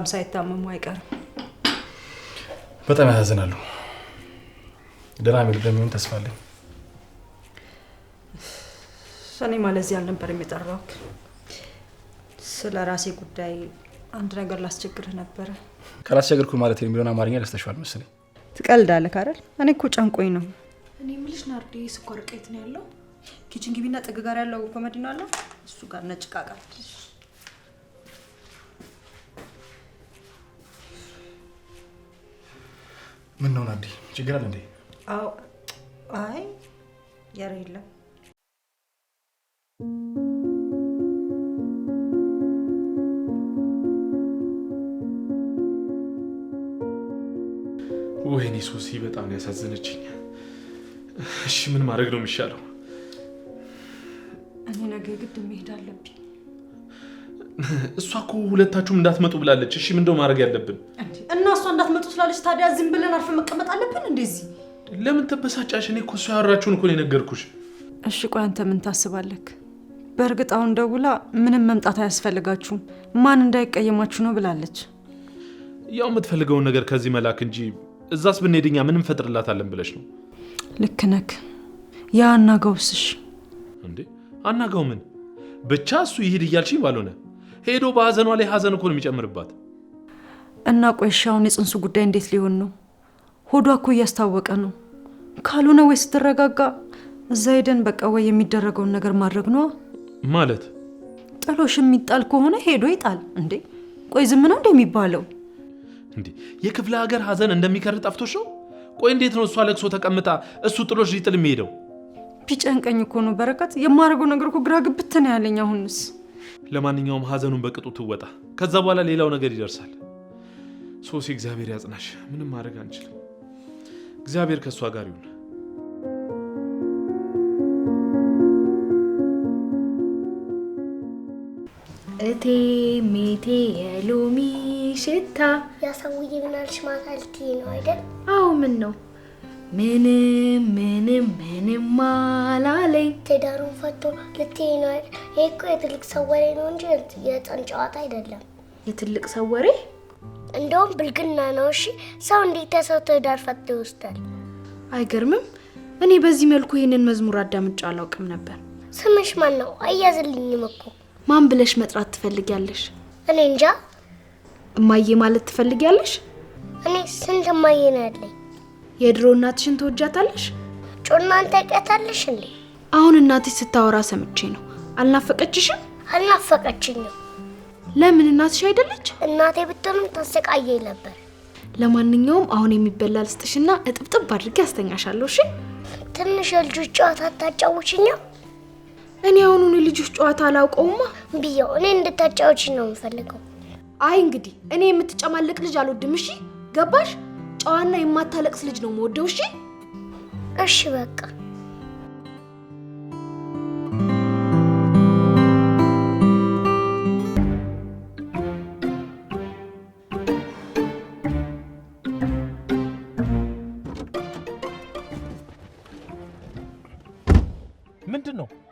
በጣም ሳይታመሙ አይቀርም። በጣም ያሳዝናሉ። ደህና ሚል እንደሚሆን ተስፋ አለኝ። እኔማ ለዚህ አልነበረም የሚጠራው ስለ ራሴ ጉዳይ አንድ ነገር ላስቸግርህ ነበረ። ካላስቸግርኩ ማለት የሚለውን አማርኛ ደስተሸዋል መሰለኝ። ትቀልዳለህ አይደል? እኔ እኮ ጨንቆኝ ነው። እኔ የምልሽ ናርዲ፣ ስኳር ቀይት ነው ያለው ኪችን ግቢና ጥግ ጋር ያለው ኮመድ ነው አለ እሱ ጋር ነጭ ቃቃል ምን ነው ናዲ፣ ችግር አለ እንዴ? አዎ። አይ ያረ የለም። ወይኔ ሶሲ፣ በጣም ነው ያሳዘነችኝ። እሺ ምን ማድረግ ነው የሚሻለው? እኔ ነገ ግድ መሄድ አለብኝ። እሷ እኮ ሁለታችሁም እንዳትመጡ ብላለች። እሺ ምንድነው ማድረግ ያለብን? ትላለች። ታዲያ ዝም ብለን አርፈን መቀመጥ አለብን? እንደዚህ ለምን ተበሳጫሽ? እኔ እኮ እሷ ያወራችሁን እኮ ነው የነገርኩሽ። እሺ ቆይ አንተ ምን ታስባለክ? በእርግጥ አሁን ደውላ ምንም መምጣት አያስፈልጋችሁም ማን እንዳይቀየማችሁ ነው ብላለች። ያው የምትፈልገውን ነገር ከዚህ መላክ እንጂ እዛስ ብንሄድኛ ምንም ፈጥርላታለን ብለሽ ነው። ልክ ነክ። ያ አናጋውስሽ እንዴ አናጋው ምን ብቻ እሱ ይሄድ እያልሽኝ ባልሆነ ሄዶ በሀዘኗ ላይ ሀዘን እኮ ነው የሚጨምርባት እና ቆሻውን የጽንሱ ጉዳይ እንዴት ሊሆን ነው? ሆዷ እኮ እያስታወቀ ነው። ካልሆነ ወይ ስትረጋጋ እዛ ሄደን በቃ ወይ የሚደረገውን ነገር ማድረግ ነዋ ማለት። ጥሎሽ የሚጣል ከሆነ ሄዶ ይጣል እንዴ። ቆይ ዝም ነው የሚባለው? እንዴ? የክፍለ ሀገር ሀዘን እንደሚከር ጠፍቶሽ ነው? ቆይ እንዴት ነው እሷ ለቅሶ ተቀምጣ እሱ ጥሎሽ ሊጥል የሚሄደው? ቢጨንቀኝ እኮ ነው በረከት፣ የማደርገው ነገር እኮ ግራ ግብት ነው ያለኝ። አሁንስ ለማንኛውም ሀዘኑን በቅጡ ትወጣ፣ ከዛ በኋላ ሌላው ነገር ይደርሳል። ሶሲ እግዚአብሔር ያጽናሽ። ምንም ማድረግ አንችልም። እግዚአብሔር ከእሷ ጋር ይሁን። እቴ ሜቴ የሎሚ ሽታ ያ ሰውዬ ምናልሽ ማታ ልትይ ነው አይደል? አዎ። ምን ነው? ምንም ምንም ምንም አላለኝ። ትዳሩን ፈቶ ልትይ ነው አይደል? ይሄ እኮ የትልቅ ሰው ወሬ ነው እንጂ የህፃን ጨዋታ አይደለም። የትልቅ ሰው ወሬ እንደውም ብልግና ነው። እሺ ሰው እንዴት ተሰው ትዳር ፈቶ ይወስዳል? አይገርምም። እኔ በዚህ መልኩ ይህንን መዝሙር አዳምጭ አላውቅም ነበር። ስምሽ ማን ነው? አያዝልኝም እኮ። ማን ብለሽ መጥራት ትፈልጊያለሽ? እኔ እንጃ። እማዬ ማለት ትፈልጊያለሽ? እኔ ስንት እማዬ ነው ያለኝ። የድሮ እናትሽን ትወጃታለሽ? ጮናን ታውቂያታለሽ እንዴ? አሁን እናትሽ ስታወራ ሰምቼ ነው። አልናፈቀችሽም? አልናፈቀችኝም። ለምን እናትሽ አይደለች? እናቴ ብትሆንም ታሰቃየኝ ነበር። ለማንኛውም አሁን የሚበላ ልስጥሽና እጥብጥብ አድርጌ አስተኛሻለሁ። እሺ? ትንሽ የልጆች ጨዋታ አታጫውችኛም? እኔ አሁኑን የልጆች ጨዋታ አላውቀውማ ብያው፣ እኔ እንድታጫውችኝ ነው የምፈልገው። አይ እንግዲህ እኔ የምትጨማለቅ ልጅ አልወድም። እሺ ገባሽ? ጨዋና የማታለቅስ ልጅ ነው የምወደው። እሺ? እሺ በቃ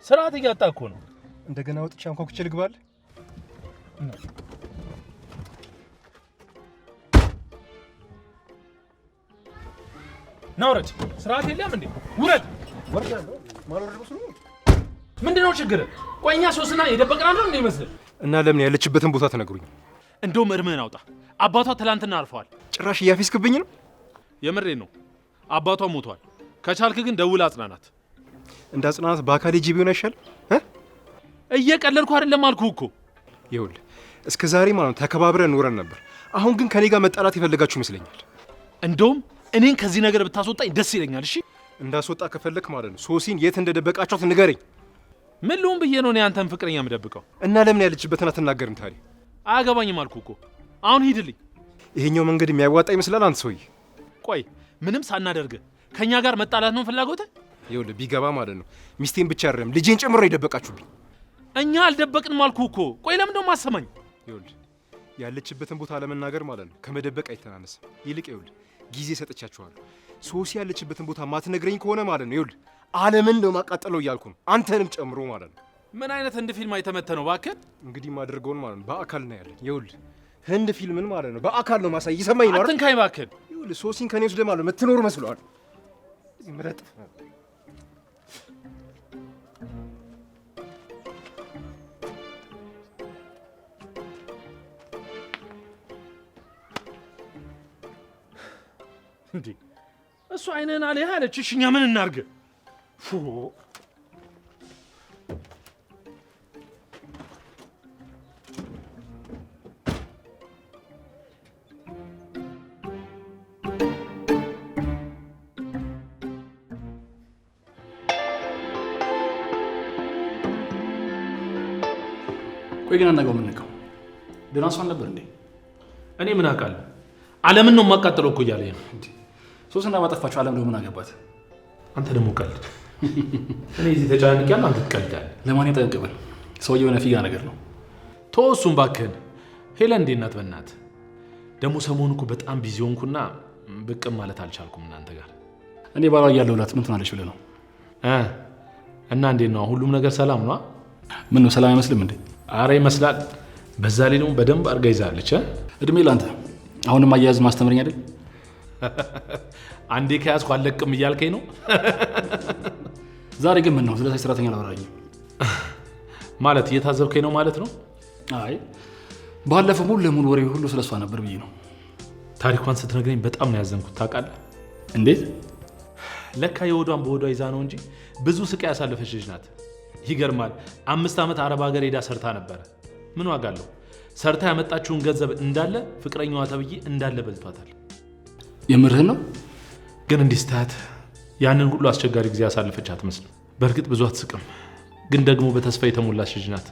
ስርዓት እያጣ እኮ ነው። እንደገና ወጥቼ አንኳኩቼ ልግባል። ና ውረድ። ስርዓት የለም እንዴ? ውረድ። ምንድን ነው ችግር? ቆይ እኛ ሶስትና የደበቅናለሁ እንደ ይመስል እና ለምን ያለችበትን ቦታ ተነግሩኝ። እንደውም እርምህን አውጣ። አባቷ ትላንትና አርፈዋል። ጭራሽ እያፌስክብኝ ነው። የምሬ ነው። አባቷ ሞቷል። ከቻልክ ግን ደውል አጽናናት። እንደ ጽናት በአካል ጅብ ቢሆን አይሻል? እየቀለድኩ አይደለም አልኩ እኮ። ይኸውልህ እስከ ዛሬ ማለት ተከባብረን ኖረን ነበር። አሁን ግን ከኔ ጋር መጣላት የፈለጋችሁ ይመስለኛል። እንደውም እኔን ከዚህ ነገር ብታስወጣኝ ደስ ይለኛል። እሺ እንዳስወጣ ከፈለክ ማለት ነው ሶሲን የት እንደደበቃቸውት ንገረኝ። ምን ልሁን ብዬ ነው እኔ አንተን ፍቅረኛ የምደብቀው? እና ለምን ያለችበትን አትናገርም ታዲያ? አያገባኝም አልኩ እኮ። አሁን ሂድልኝ። ይሄኛው መንገድ የሚያዋጣ ይመስላል አንተ ሰውዬ። ቆይ ምንም ሳናደርግ ከእኛ ጋር መጣላት ነው ፍላጎትህ? ይኸውልህ ቢገባ ማለት ነው ሚስቴን ብቻ አይደለም ልጄን ጨምሮ የደበቃችሁብኝ። እኛ አልደበቅንም አልኩህ እኮ። ቆይ ለምን ደሞ አሰማኝ። ይኸውልህ ያለችበትን ቦታ ለመናገር ማለት ነው ከመደበቅ አይተናነስም። ይልቅ ይኸውልህ ጊዜ ሰጥቻችኋለሁ። ሶሲ ያለችበትን ቦታ ማትነግረኝ ከሆነ ማለት ነው ይኸውልህ ዓለምን ነው ማቃጠለው እያልኩ ነው አንተንም ጨምሮ ማለት ነው። ምን አይነት ህንድ ፊልም አይተመተ ነው እባክህ። እንግዲህ ማድርገውን ማለት ነው በአካል ነው ያለን። ይኸውልህ ህንድ ፊልምን ማለት ነው በአካል ነው ማሳይ። ይሰማኝ ነው አይደል? አትንካኝ እባክህ። ይኸውልህ ሶሲን ከኔ ውስጥ ደማለ ምትኖር መስሏል። ምረጥ እንዴ እሱ አይነን አለ አለች። እሺ እኛ ምን እናርግ? ቆይ ግን አናገው ምንቀው ድናሷን ነበር እንዴ? እኔ ምን አውቃለሁ? ዓለምን ነው የማቃጠለው እኮ እያለ ነው ሶስና ማጠፋቸው አለም ደግሞ ምን አገባት? አንተ ደግሞ ቀልድ። እኔ እዚህ ተጨናንቅ ያለ አንተ ትቀልዳል። ለማን ያጠንቅብን ሰውዬ የሆነ ፊጋ ነገር ነው። ተወው እሱን እባክህን። ሄለን እንዴት ናት? በእናትህ ደግሞ ሰሞኑ እኮ በጣም ቢዚ ሆንኩና ብቅም ማለት አልቻልኩም እናንተ ጋር። እኔ ባሏ እያለሁላት ምን ትሆናለች ብለህ ነው? እና እንዴት ነው ሁሉም ነገር ሰላም ነ? ምን ነው ሰላም አይመስልም እንዴ? አረ ይመስላል። በዛ ላይ ደግሞ በደንብ አድርጋ ይዛለች። እድሜ ላንተ። አሁንም አያያዝ ማስተምረኝ አይደል አንዴ ከያዝኩ አለቅም እያልከኝ ነው። ዛሬ ግን ምን ነው ስለዚህ ሰራተኛ ማለት እየታዘብከኝ ነው ማለት ነው? አይ ባለፈው ሙሉ ለሙሉ ወሬ ሁሉ ስለሷ ነበር ብዬ ነው። ታሪኳን ስትነግረኝ በጣም ነው ያዘንኩት። ታውቃለህ? እንዴት ለካ የወዷን በወዷ ይዛ ነው እንጂ ብዙ ስቃይ ያሳለፈች ልጅ ናት። ይገርማል። አምስት ዓመት አረብ ሀገር ሄዳ ሰርታ ነበረ። ምን ዋጋ አለው? ሰርታ ያመጣችውን ገንዘብ እንዳለ ፍቅረኛዋ ተብዬ እንዳለ በልቷታል። የምርህ ነው? ግን እንዲህ ስታት ያንን ሁሉ አስቸጋሪ ጊዜ አሳልፈች አትመስልም። በእርግጥ ብዙ አትስቅም፣ ግን ደግሞ በተስፋ የተሞላች ልጅ ናት።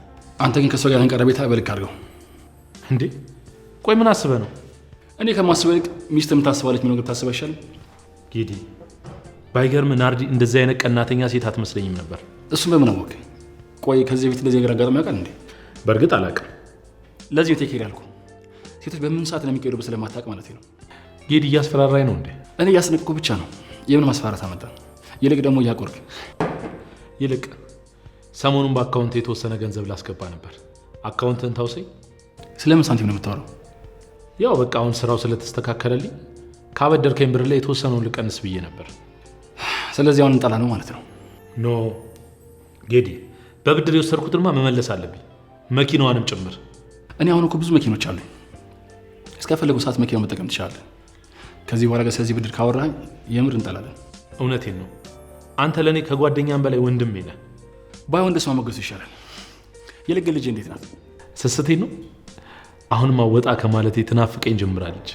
አንተ ግን ከእሷ ጋር ቀረቤታ በልክ አድርገው። እንዴ ቆይ ምን አስበህ ነው? እኔ ከማስበህ ይልቅ ሚስት የምታስባለች ምን ነገር ታስበህ አይሻልም? ባይገርም ናርዲ እንደዚህ አይነት ቀናተኛ ሴት አትመስለኝም ነበር። እሱም በምን አወቅ? ቆይ ከዚህ በፊት እንደዚህ ነገር አጋጣሚ ያውቃል እንዴ? በእርግጥ አላውቅም። ለዚህ ቴክር ያልኩ ሴቶች በምን ሰዓት ነው የሚቀሄዱበት ስለማታውቅ ማለት ነው። ጌድ እያስፈራራኝ ነው እንዴ? እኔ እያስነቅኩ ብቻ ነው። የምን ማስፈራት አመጣ? ይልቅ ደግሞ እያቆርግ ይልቅ ሰሞኑን በአካውንት የተወሰነ ገንዘብ ላስገባ ነበር። አካውንትን ታውሰኝ። ስለምን ሳንቲም ነው የምታወራው? ያው በቃ አሁን ስራው ስለተስተካከለልኝ ካበደርከኝ ብር ላይ የተወሰነውን ልቀንስ ብዬ ነበር። ስለዚህ አሁን እንጠላ ነው ማለት ነው? ኖ ጌዲ፣ በብድር የወሰድኩትንማ መመለስ አለብኝ፣ መኪናዋንም ጭምር። እኔ አሁን እኮ ብዙ መኪኖች አሉ እስከፈለጉ ሰዓት መኪናው መጠቀም ትችላለህ። ከዚህ በኋላ ስለዚህ ብድር ካወራኝ የምር እንጠላለን። እውነቴን ነው። አንተ ለእኔ ከጓደኛም በላይ ወንድም ነ። ባይሆን እንደሱ ማሞገሱ ይሻላል። የልግ ልጅ እንዴት ናት? ስስቴ ነው። አሁንማ ወጣ ከማለቴ ትናፍቀኝ ጀምራለች።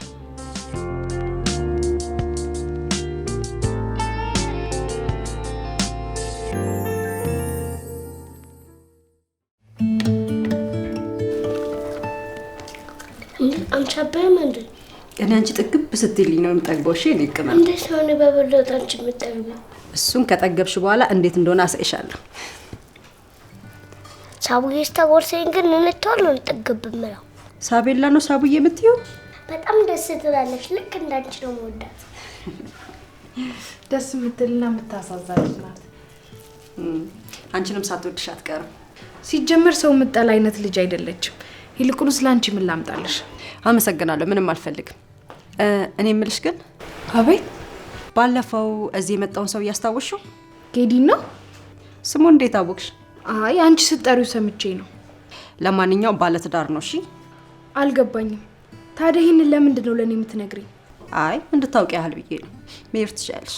አንቺ አባይም እንዴ እኔ አንቺ ጥግብ ስትይልኝ ነው የምጠግበው። እሺ እኔ ቅመም እንዴት ሆነ በበለጠ አንቺ የምጠግበው? እሱን ከጠገብሽ በኋላ እንዴት እንደሆነ አሳይሻለሁ። ሳቡዬ ስታጎርሰኝ ግን እንተዋል ነው ጥግብ የምለው። ሳቤላ ነው ሳቡዬ የምትይው? በጣም ደስ ትላለች። ልክ እንዳንቺ ነው መወዳት። ደስ የምትልና የምታሳዛች ናት። አንቺንም ሳትወድሽ አትቀርም። ሲጀመር ሰው የምጠላ አይነት ልጅ አይደለችም። ይልቁኑ ስለ አንቺ ምን ላምጣልሽ? አመሰግናለሁ። ምንም አልፈልግም። እኔ ምልሽ ግን አቤት፣ ባለፈው እዚህ የመጣውን ሰው እያስታወሽው? ጌዲ ነው ስሙ። እንዴት አወቅሽ? አይ አንቺ ስትጠሪው ሰምቼ ነው። ለማንኛውም ባለትዳር ነው። እሺ፣ አልገባኝም። ታዲያ ይህንን ለምንድን ነው ለእኔ የምትነግሪኝ? አይ እንድታውቂ ያህል ብዬ ነው። መሄድ ትችያለሽ።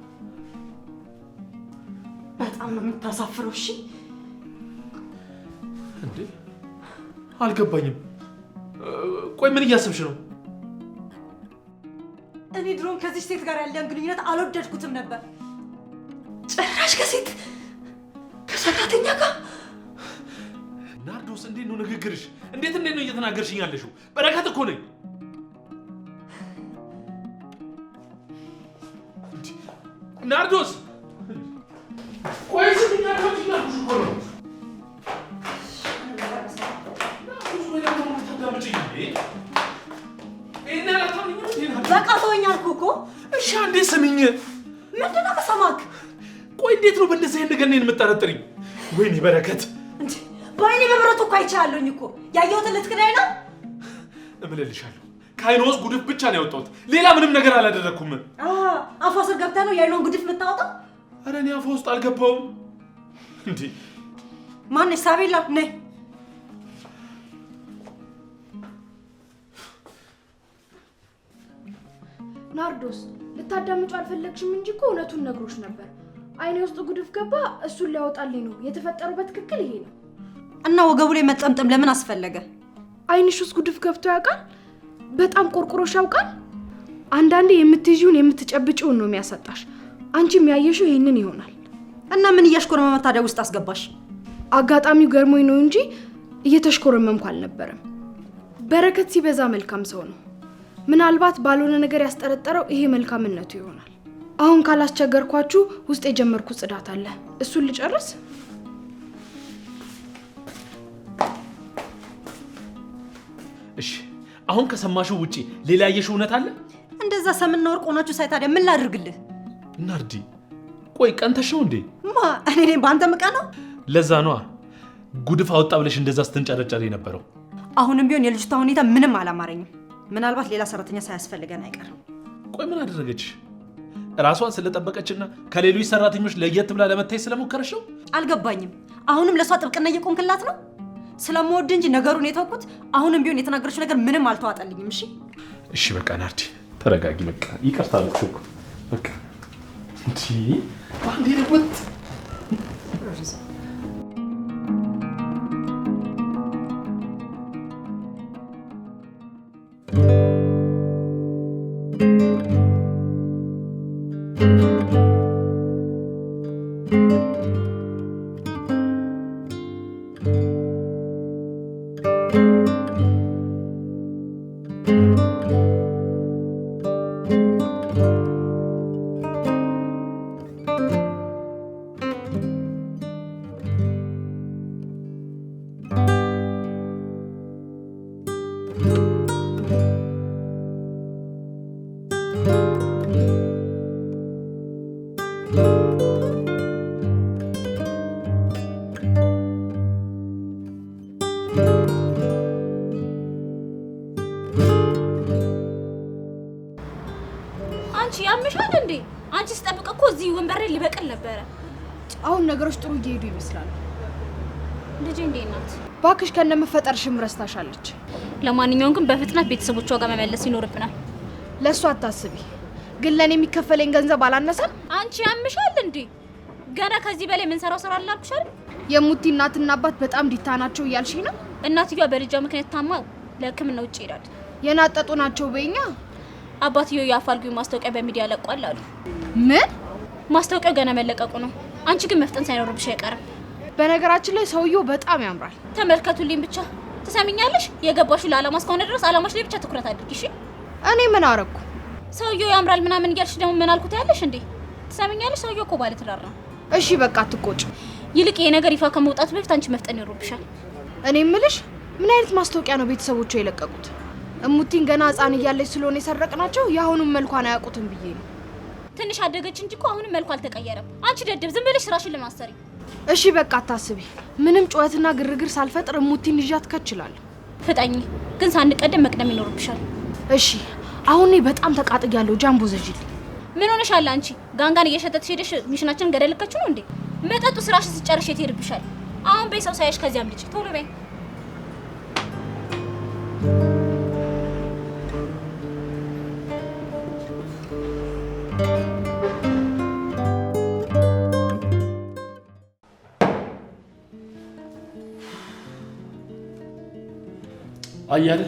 በጣም ነው የምታሳፍረው። እሺ እንዴ አልገባኝም። ቆይ ምን እያሰብሽ ነው? እኔ ድሮም ከዚህ ሴት ጋር ያለን ግንኙነት አልወደድኩትም ነበር። ጭራሽ ከሴት ከሰራተኛ ጋር ናርዶስ፣ እንዴት ነው ንግግርሽ? እንዴት እንዴት ነው እየተናገርሽኝ ያለሽው? በረከት እኮ ነኝ። ናርዶስ በቃ ተወኝ አልኩህ እኮ። እሺ አንዴ ስሚኝ። ምንድን ነው ከሰማክ? ቆይ እንዴት ነው በእንደዚህ አይነት ነገር እኔን የምጠረጥሪኝ? ወይኔ በረከት፣ በአይኔ በምረቱ እኮ አይቻለሁኝ እኮ ያየሁትን ልትክዳይ ነው? እምልልሻለሁ ከአይኖ ውስጥ ጉድፍ ብቻ ነው ያወጣሁት፣ ሌላ ምንም ነገር አላደረግኩም። አፏ ስር ገብተህ ነው የአይኖን ጉድፍ የምታወጣው? ኧረ እኔ አፏ ውስጥ አልገባውም። እንዴ ማን ሳቤላ ነይ ናርዶስ ልታዳምጪው አልፈለግሽም እንጂ እኮ እውነቱን ነግሮች ነበር አይኔ ውስጥ ጉድፍ ገባ እሱን ሊያወጣልኝ ነው የተፈጠረው በትክክል ይሄ ነው እና ወገቡ ላይ መጠምጠም ለምን አስፈለገ አይንሽ ውስጥ ጉድፍ ገብቶ ያውቃል በጣም ቆርቆሮሽ ያውቃል አንዳንዴ የምትይዥውን የምትጨብጪውን ነው የሚያሳጣሽ አንቺም ያየሽው ይህንን ይሆናል እና ምን እያሽኮረመመ ታዲያ ውስጥ አስገባሽ? አጋጣሚው ገርሞኝ ነው እንጂ እየተሽኮረመምኩ አልነበረም። በረከት ሲበዛ መልካም ሰው ነው። ምናልባት ባልሆነ ነገር ያስጠረጠረው ይሄ መልካምነቱ ይሆናል። አሁን ካላስቸገርኳችሁ ውስጥ የጀመርኩት ጽዳት አለ፣ እሱን ልጨርስ። እሺ። አሁን ከሰማሽው ውጪ ሌላ ያየሽው እውነት አለ? እንደዛ ሰምና ወርቅ ሆናችሁ ሳይ ታዲያ ምን ላድርግልህ ናርዲ? ቆይ ቀንተሽ ነው እንዴ? ማ እኔ ነኝ በአንተ ምቃ ነው። ለዛ ነዋ ጉድፍ አወጣ ብለሽ እንደዛ ስትንጨረጨር የነበረው። አሁንም ቢሆን የልጅቷ ሁኔታ ምንም አላማረኝም። ምናልባት ሌላ ሰራተኛ ሳያስፈልገን አይቀርም። ቆይ ምን አደረገች? ራሷን ስለጠበቀችና ከሌሎች ሰራተኞች ለየት ብላ ለመታየት ስለሞከረሽው አልገባኝም። አሁንም ለእሷ ጥብቅና እየቆምክላት ነው? ስለምወድ እንጂ ነገሩን የተውኩት። አሁንም ቢሆን የተናገረችው ነገር ምንም አልተዋጠልኝም። እሺ እሺ፣ በቃ ናርዲ ተረጋጊ። በቃ ይቅርታ ልኩ በቃ እንዲህ وعندي لك بنت ይመስላሉ። ከነመፈጠር እንዴት ናት? እባክሽ ረስታሻለች። ለማንኛውም ግን በፍጥነት ቤተሰቦቿ ጋር መመለስ ይኖርብናል። ለእሱ አታስቢ። ግን ለእኔ የሚከፈለኝ ገንዘብ አላነሰም። አንቺ ያምሻል እንዴ? ገና ከዚህ በላይ የምንሰራው ስራ አላብሻል። የሙቲ እናትና አባት በጣም ዲታ ናቸው እያልሽ ነው? እናትየዋ በልጇ ምክንያት ታማ ለሕክምና ውጭ ይሄዳል። የናጠጡ ናቸው በኛ። አባትየው የአፋልጉኝ ማስታወቂያ በሚዲያ ለቋል አሉ። ምን? ማስታወቂያው ገና መለቀቁ ነው። አንቺ ግን መፍጠን ሳይኖርብሽ አይቀርም። በነገራችን ላይ ሰውየው በጣም ያምራል። ተመልከቱልኝ ብቻ ትሰሚኛለሽ? የገባሽ ለዓላማ እስከሆነ ድረስ ዓላማሽ ላይ ብቻ ትኩረት አድርጊ እሺ። እኔ ምን አረግኩ? ሰውየው ያምራል ምናምን እያልሽ ደግሞ ምን አልኩት ያለሽ እንዴ? ትሰሚኛለሽ? ሰውየው እኮ ባለ ትዳር ነው። እሺ በቃ አትቆጭ። ይልቅ ይሄ ነገር ይፋ ከመውጣቱ በፊት አንቺ መፍጠን ይኖርብሻል። እኔ ምልሽ ምን አይነት ማስታወቂያ ነው ቤተሰቦቿ የለቀቁት? እሙቲን ገና ህፃን እያለች ስለሆነ ናቸው የአሁኑም መልኳን አያውቁትም ብዬ ነው ትንሽ አደገች እንጂ እኮ አሁንም መልኩ አልተቀየረም። አንቺ ደደብ ዝም ብለሽ ስራሽን ለማሰሪ። እሺ በቃ አታስቢ። ምንም ጩኸትና ግርግር ሳልፈጥር ሙቲን ይዣት ከችላለሁ። ፍጠኝ ግን ሳንቀደም መቅደም ይኖርብሻል። እሺ አሁን እኔ በጣም ያለው ጃምቦ ዘጅል፣ ምን ሆነሻል አንቺ? ጋንጋን እየሸጠትሽ ሄደሽ ሚሽናችን ገደልከች ነው እንዴ? መጠጡ ስራሽን ስጨርሽ የት ሄድብሻል? አሁን በይ ሰው ሳያሽ ከዚያም ልጅ ቶሎ በይ። አያል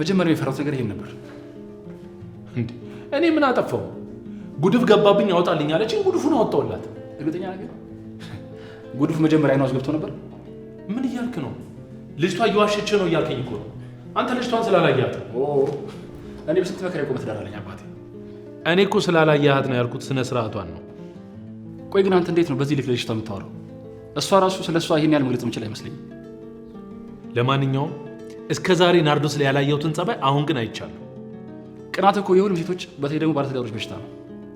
መጀመሪያ የፈራሁት ነገር ይሄን ነበር። እኔ ምን አጠፋው? ጉድፍ ገባብኝ አወጣልኝ አለችኝ። ጉድፉን አወጣውላት። እርግጠኛ ነገር ጉድፍ መጀመሪያ አይኗ አስገብቶ ነበር። ምን እያልክ ነው? ልጅቷ እየዋሸች ነው እያልከኝ እኮ ነው። አንተ ልጅቷን ስላላያት እኔ በስንት መከራ የቆመ ትዳር አባቴ። እኔ እኮ ስላላያት ነው ያልኩት፣ ስነ ስርዓቷን ነው። ቆይ ግን አንተ እንዴት ነው በዚህ ልክ ልጅቷ የምታወራው? እሷ ራሱ ስለ እሷ ይህን ያህል መግለጽ የምችል አይመስለኝም። ለማንኛውም እስከ ዛሬ ናርዶስ ላይ ያላየሁትን ጸባይ አሁን ግን አይቻለሁ። ቅናት እኮ የሁሉም ሴቶች በተለይ ደግሞ ባለትዳሮች በሽታ ነው።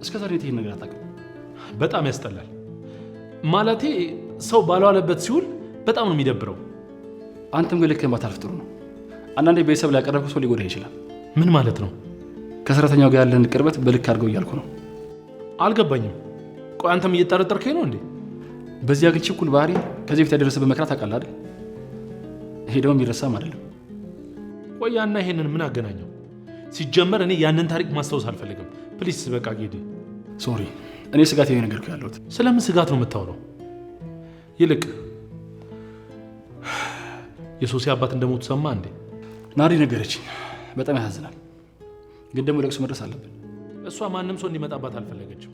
እስከ ዛሬ የት ይህን ነገር አታውቅም። በጣም ያስጠላል። ማለቴ ሰው ባለዋለበት ሲውል በጣም ነው የሚደብረው። አንተም ግን ልክ ባታልፍ ጥሩ ነው። አንዳንዴ ቤተሰብ ላይ ያቀረብኩ ሰው ሊጎዳ ይችላል። ምን ማለት ነው? ከሰራተኛው ጋር ያለን ቅርበት በልክ አድርገው እያልኩ ነው። አልገባኝም። ቆይ አንተም እየጠረጠርከኝ ነው እንዴ? በዚያ ግን ችኩል ባህሪ ከዚህ በፊት ያደረሰበት መከራ ታውቃለህ አይደል? ይሄ ደግሞ የሚረሳም አይደለም። ቆያና ይሄንን ምን አገናኘው? ሲጀመር እኔ ያንን ታሪክ ማስታወስ አልፈልግም። ፕሊስ በቃ ጌዲ፣ ሶሪ። እኔ ስጋት ይሄ ነገር ያለሁት። ስለምን ስጋት ነው የምታውለው? ይልቅ የሶሲ አባት እንደሞቱ ሰማ እንዴ? ናሪ ነገረች በጣም ያሳዝናል፣ ግን ደግሞ ለቅሶ መድረስ አለብን። እሷ ማንም ሰው እንዲመጣባት አልፈለገችም።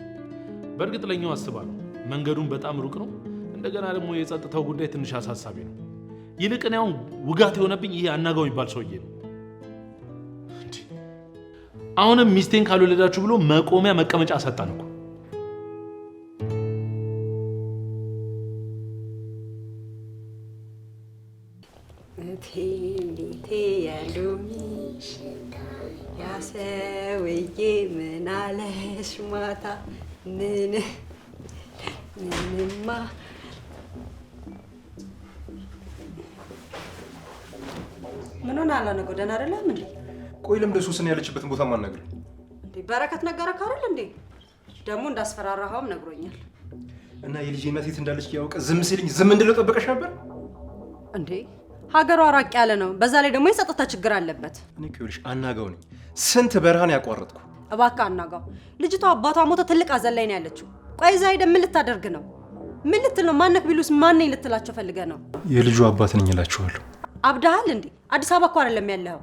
በእርግጥ ለኛው አስባ ነው። መንገዱን በጣም ሩቅ ነው። እንደገና ደግሞ የጸጥታው ጉዳይ ትንሽ አሳሳቢ ነው። ይልቅ እኔ አሁን ውጋት የሆነብኝ ይሄ አናጋው የሚባል ሰውዬ ነው። አሁንም ሚስቴን ካልወለዳችሁ ብሎ መቆሚያ መቀመጫ ሰጠን እኮ። እንዴቴ ያሉሚሽ ምን አለሽ ማታ? ምን ምንማ ምን ሆነ? አላነገው ደህና አይደለም እንዴ? ቆይ ለምን ያለችበትን ቦታ ማን እንዴ? በረከት እንዴ? ደግሞ እንዳስፈራራኸውም ነግሮኛል። እና የልጄ እናት የት እንዳለች ያውቀ ዝም ሲልኝ ዝም እንድለው ጠበቀሽ ነበር እንዴ? ሀገሯ ራቅ ያለ ነው። በዛ ላይ ደግሞ የጸጥታ ችግር አለበት። እኔ አናጋው ነኝ። ስንት በረሃን ያቋረጥኩ። እባክህ አናጋው። ልጅቷ አባቷ ሞተ፣ ትልቅ ሐዘን ላይ ነው ያለችው። ቆይ እዛ ምን ልታደርግ ነው? ምን ልትል ነው? ማነክ ቢሉስ ማነኝ ልትላቸው ፈልገ ነው? የልጁ አባት ነኝ እላችኋለሁ። አብዳሃል እንዴ? አዲስ አበባ እኮ አይደለም ያለው።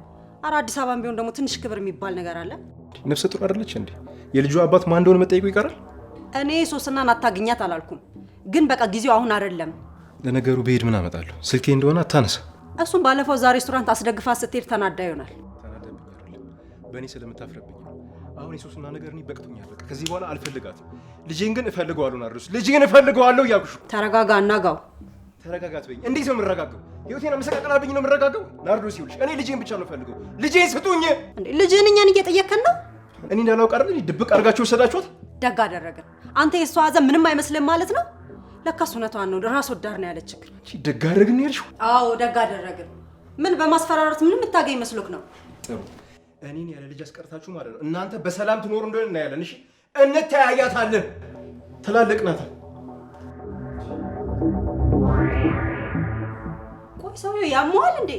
አረ አዲስ አበባም ቢሆን ደግሞ ትንሽ ክብር የሚባል ነገር አለ። ነፍሰ ጡር አይደለች እንዴ? የልጁ አባት ማን እንደሆነ መጠየቁ ይቀራል። እኔ ሶስናን አታገኛት አላልኩም፣ ግን በቃ ጊዜው አሁን አይደለም። ለነገሩ ብሄድ ምን አመጣለሁ? ስልኬ እንደሆነ አታነሳ። እሱም ባለፈው እዛ ሬስቶራንት አስደግፋ ስትሄድ ተናዳ ይሆናል። በእኔ ስለምታፍረብኝ አሁን የሶስና ነገር እኔ በቅቶኛል። በቃ ከዚህ በኋላ አልፈልጋትም። ልጅን ግን እፈልገዋለሁ። ናርዶስ ልጅን እፈልገዋለሁ እያልኩሽ። ተረጋጋ እናጋው። ተረጋጋት በይኝ። እንዴት ነው የምረጋጋው? ህይወቴን መሰቃቀልብኝ ነው የምረጋገው። ናርዶ ሲውልሽ እኔ ልጄን ብቻ ነው ፈልገው። ልጄን ስጡኝ። እንዴ ልጄን እኛን እየጠየከን ነው? እኔ እንዳላውቅ አይደል ድብቅ አድርጋችሁ ወሰዳችሁት? ደግ አደረግን። አንተ የእሷ ሀዘን ምንም አይመስልም ማለት ነው? ለካ እውነቷን ነው፣ ራስ ወዳድ ነው ያለችህ። ደግ አደረግን ያልሽው? አዎ ደግ አደረግን። ምን በማስፈራራት ምንም የምታገኝ መስሎክ ነው? ጥሩ እኔን ያለ ልጅ አስቀርታችሁ ማለት ነው። እናንተ በሰላም ትኖሩ እንደሆነ እናያለን። እሺ እንተያያታለን። ትላልቅ ናት። ቆይ ሰውዬው ያመዋል እንዴ?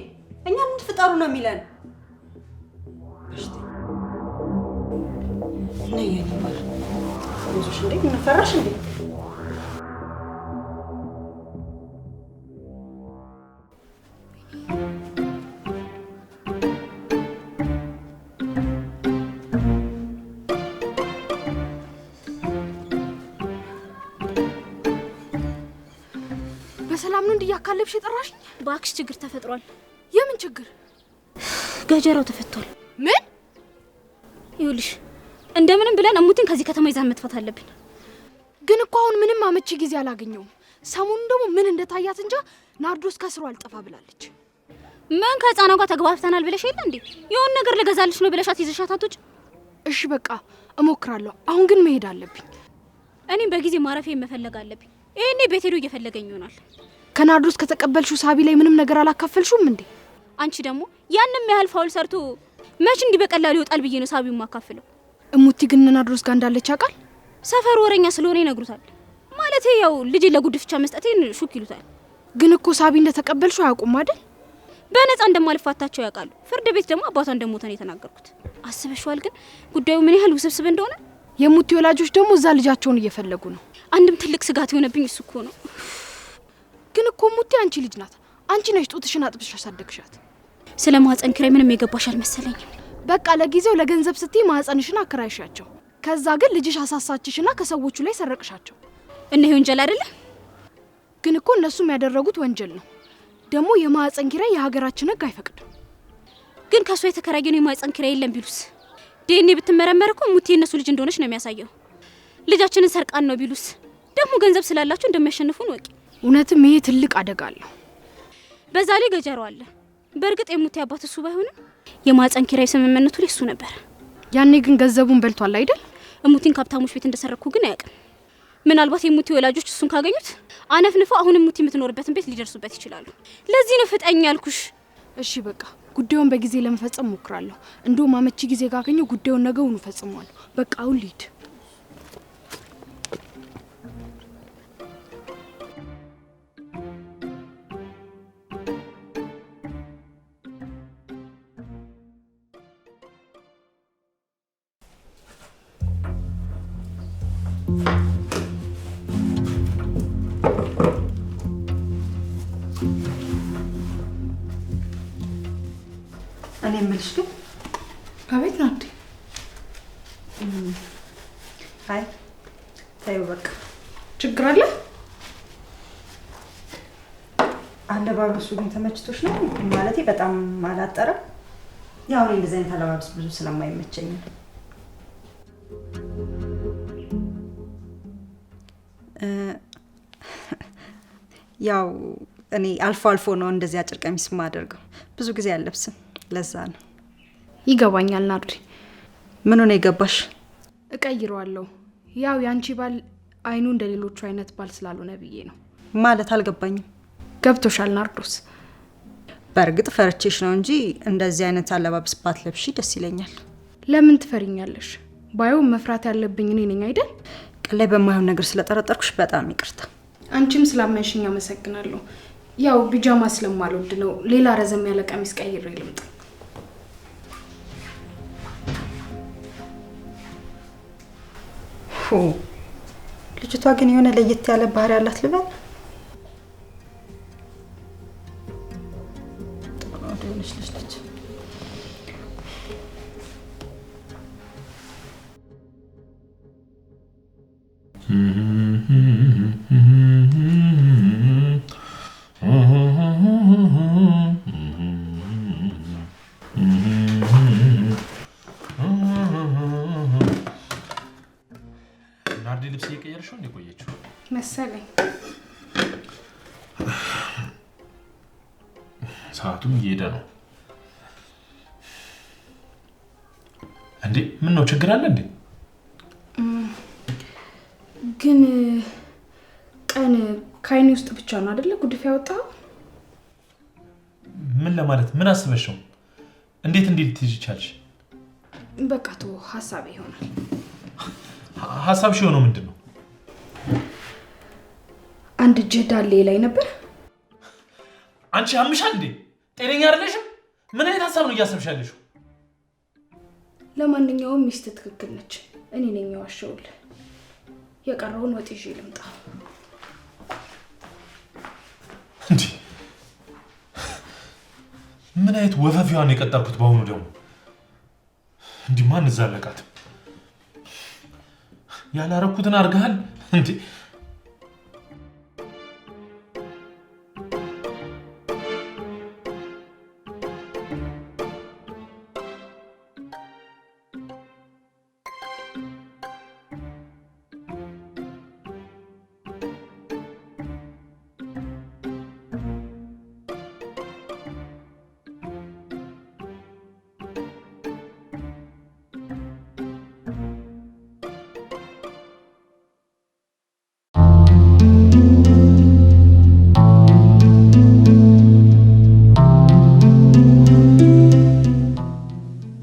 እኛ ምን ነው የሚለን? እንዴ እንፈራሽ እንዴ ልብሽ የጠራሽኝ? ባክሽ ችግር ተፈጥሯል። የምን ችግር? ገጀራው ተፈቷል። ምን? ይኸውልሽ እንደምንም ብለን እሙትን ከዚህ ከተማ ይዛን መጥፋት አለብን። ግን እኮ አሁን ምንም አመቺ ጊዜ አላገኘውም። ሰሞኑን ደግሞ ምን እንደታያት እንጃ ናርዶስ ከስሩ አልጠፋ ብላለች። ምን ከህፃኗ ጋር ተግባብተናል ብለሽ የለ እንዴ? የሆነ ነገር ልገዛልሽ ነው ብለሻት ይዘሻት አትወጪ? እሺ በቃ እሞክራለሁ። አሁን ግን መሄድ አለብኝ። እኔም በጊዜ ማረፊያ መፈለግ አለብኝ። ይሄኔ ቤት ሄዶ እየፈለገኝ ይሆናል። ከናርዶስ ከተቀበልሽው ሳቢ ላይ ምንም ነገር አላካፈልሹም እንዴ? አንቺ ደግሞ ያንም ያህል ፋውል ሰርቶ መች እንዲህ በቀላሉ ይወጣል ብዬ ነው ሳቢው ማካፍለው። እሙቲ ግን ናርዶስ ጋር እንዳለች ያውቃል። ሰፈሩ ወረኛ ስለሆነ ይነግሩታል። ማለት ያው ልጅ ለጉድፍቻ መስጠቴን ሹክ ይሉታል። ግን እኮ ሳቢ እንደተቀበልሽው አያውቁም አይደል? በነፃ እንደማልፋታቸው ያውቃሉ። ፍርድ ቤት ደግሞ አባቷ እንደሞተ ነው የተናገርኩት። አስበሽዋል ግን ጉዳዩ ምን ያህል ውስብስብ እንደሆነ። የሙቲ ወላጆች ደግሞ እዛ ልጃቸውን እየፈለጉ ነው። አንድም ትልቅ ስጋት የሆነብኝ እሱ እኮ ነው። ግን እኮ ሙቴ አንቺ ልጅ ናት። አንቺ ነሽ ጡትሽን አጥብሽ ያሳደግሻት። ስለ ማህፀን ክራይ ምንም የገባሽ አልመሰለኝም። በቃ ለጊዜው ለገንዘብ ስትይ ማህፀንሽን አከራይሻቸው። ከዛ ግን ልጅሽ አሳሳችሽና ከሰዎቹ ላይ ሰረቅሻቸው እነሄ ወንጀል አይደለም? ግን እኮ እነሱም ያደረጉት ወንጀል ነው። ደግሞ የማህፀን ኪራይ የሀገራችን ህግ አይፈቅድም። ግን ከእሱ የተከራየ ነው የማህፀን ኪራይ የለም ቢሉስ? ዴኔ ብትመረመር እኮ ሙቴ የእነሱ ልጅ እንደሆነች ነው የሚያሳየው። ልጃችንን ሰርቃን ነው ቢሉስ? ደግሞ ገንዘብ ስላላቸው እንደሚያሸንፉን ወቂ እውነትም ይሄ ትልቅ አደጋ አለው። በዛ ላይ ገጀሮ አለ። በእርግጥ የሙት ያባት እሱ ባይሆንም የማፀን ኪራይ ስምምነቱ ላይ እሱ ነበር። ያኔ ግን ገንዘቡን በልቷል አይደል? እሙቲን ካብታሞች ቤት እንደሰረኩ ግን አያውቅም። ምናልባት የሙቲ ወላጆች እሱን ካገኙት አነፍንፎ አሁን ሙቲ የምትኖርበትን ቤት ሊደርሱበት ይችላሉ። ለዚህ ነው ፍጠኝ ያልኩሽ። እሺ በቃ ጉዳዩን በጊዜ ለመፈጸም ሞክራለሁ። እንደውም አመቺ ጊዜ ካገኘው ጉዳዩን ነገውን እፈጽመዋለሁ። በቃ አሁን ልሂድ። አለባበሱ ግን ተመችቶች ነው ማለት በጣም አላጠረም? ያው እኔ እንደዚህ አይነት አለባበስ ብዙ ስለማይመቸኝ ያው እኔ አልፎ አልፎ ነው እንደዚህ አጭር ቀሚስ ማደርገው ብዙ ጊዜ አለብስም፣ ለዛ ነው። ይገባኛል። ናርዲ፣ ምን ሆነ የገባሽ? እቀይረዋለሁ። ያው ያንቺ ባል አይኑ እንደ ሌሎቹ አይነት ባል ስላልሆነ ብዬ ነው። ማለት አልገባኝም። ገብቶሻል ናርዶስ? በእርግጥ ፈርቼሽ ነው እንጂ እንደዚህ አይነት አለባበስ ባትለብሺ ደስ ይለኛል። ለምን ትፈሪኛለሽ? ባየው መፍራት ያለብኝ እኔ ነኝ አይደል? ቀላይ በማየው ነገር ስለጠረጠርኩሽ በጣም ይቅርታ። አንቺም ስላመንሽኝ አመሰግናለሁ። ያው ቢጃማ ስለማልወድ ነው ሌላ ረዘም ያለ ቀሚስ ቀይሬ ልምጣ። ልጅቷ ግን የሆነ ለየት ያለ ባህሪ ያላት ልበል እንዴ ምን ነው ችግር አለ እንዴ? ግን ቀን ከአይኔ ውስጥ ብቻ ነው አደለ ጉድፍ ያወጣው? ምን ለማለት ምን አስበሽ ነው? እንዴት እንዲህ ልትይዥ ይቻልሽ? በቃ ተወው፣ ሀሳብ ይሆናል። ሽ የሆነው ምንድን ነው? አንድ እጅህ ዳሌ ላይ ነበር። አንቺ አምሻል እንዴ? ጤነኛ አይደለሽም? ምን አይነት ሀሳብ ነው እያሰብሻለሽው? ለማንኛውም ሚስት ትክክል ነች። እኔ ነኝ የዋሸሁልህ። የቀረውን ወጥ ይዤ ልምጣ። እንዲህ ምን አይነት ወፈፊዋን የቀጠርኩት በአሁኑ ደግሞ እንዲህ ማን እዛ ያላረኩትን አድርገሃል እንዴ?